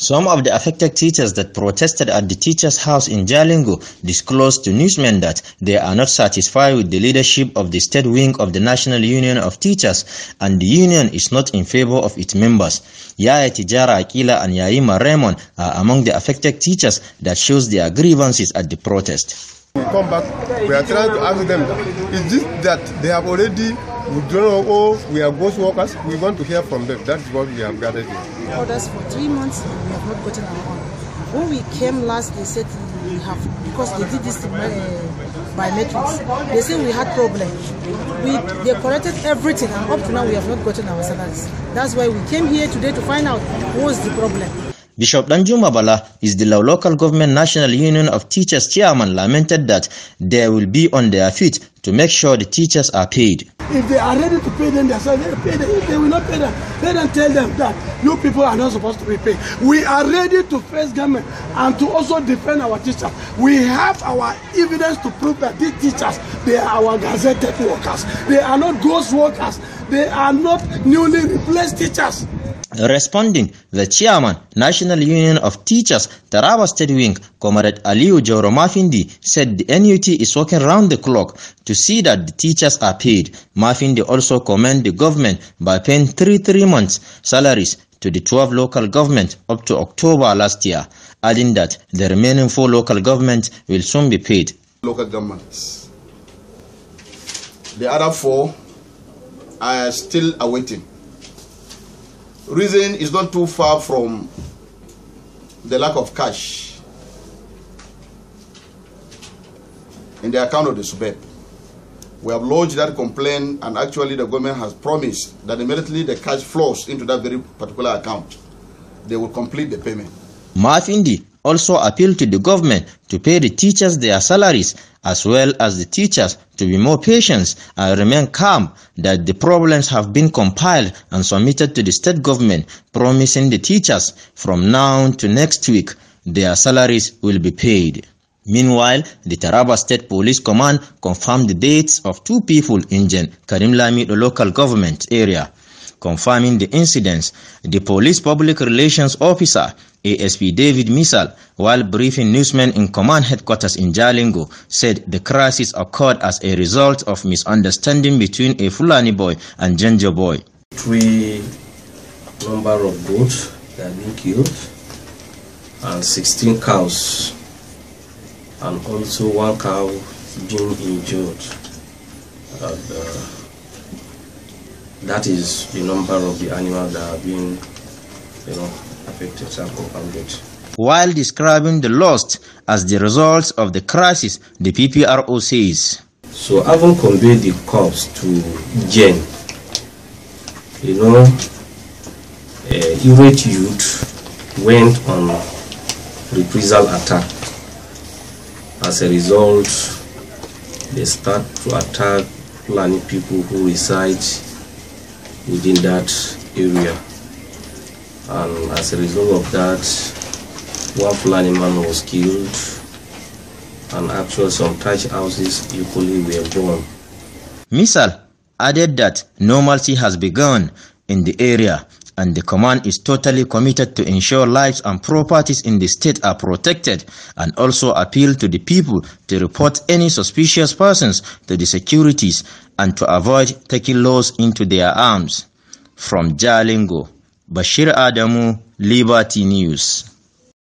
Some of the affected teachers that protested at the teachers' house in Jalingo disclosed to newsmen that they are not satisfied with the leadership of the state wing of the National Union of Teachers and the union is not in favor of its members. Yaya Tijara Akila and Yaima Raymond are among the affected teachers that shows their grievances at the protest. We come back, we are trying to ask them, is this that they have already withdrawn all, we are ghost workers, we want to hear from them. That's what we have gathered here orders for three months and we have not gotten our own. When we came last, they said we have, because they did this uh, by matrix. they said we had problem. We, they corrected everything and up to now we have not gotten our salaries. That's why we came here today to find out what's the problem. Bishop Danjuma Bala is the local government National Union of Teachers chairman lamented that they will be on their feet to make sure the teachers are paid. If they are ready to pay them themselves, they pay them. If they will not pay them, let them tell them that you people are not supposed to be paid. We are ready to face government and to also defend our teachers. We have our evidence to prove that these teachers, they are our gazetted workers. They are not ghost workers. They are not newly replaced teachers. Responding, the chairman, National Union of Teachers, Taraba State Wing, Comrade Aliu Jauro said the NUT is working round the clock to see that the teachers are paid. Mafindi also commended the government by paying three three months salaries to the 12 local governments up to October last year, adding that the remaining four local governments will soon be paid. Local governments. The other four are still awaiting. Reason is not too far from the lack of cash in the account of the subep. We have lodged that complaint and actually the government has promised that immediately the cash flows into that very particular account, they will complete the payment. Mafindi also appealed to the government to pay the teachers their salaries as well as the teachers to be more patient and remain calm that the problems have been compiled and submitted to the state government, promising the teachers from now to next week their salaries will be paid. Meanwhile, the Taraba State Police Command confirmed the dates of two people in Jen Karim local government area. Confirming the incidents, the police public relations officer, ASP David Misal, while briefing newsmen in command headquarters in Jalingo, said the crisis occurred as a result of misunderstanding between a Fulani boy and Ginger boy. Three number of goats that have been killed and 16 cows and also one cow being injured. uh, that is the number of the animals that are being you know, affected and compounded. While describing the loss as the result of the crisis, the PPRO says. So having conveyed the corpse to Jen, you know, uh, irate youth went on reprisal attack. As a result, they start to attack many people who reside within that area and as a result of that one Fulani man was killed and actually some touch houses equally were gone. Misal added that normalcy has begun in the area and the command is totally committed to ensure lives and properties in the state are protected and also appeal to the people to report any suspicious persons to the securities and to avoid taking laws into their arms. From Jalingo, Bashir Adamu, Liberty News.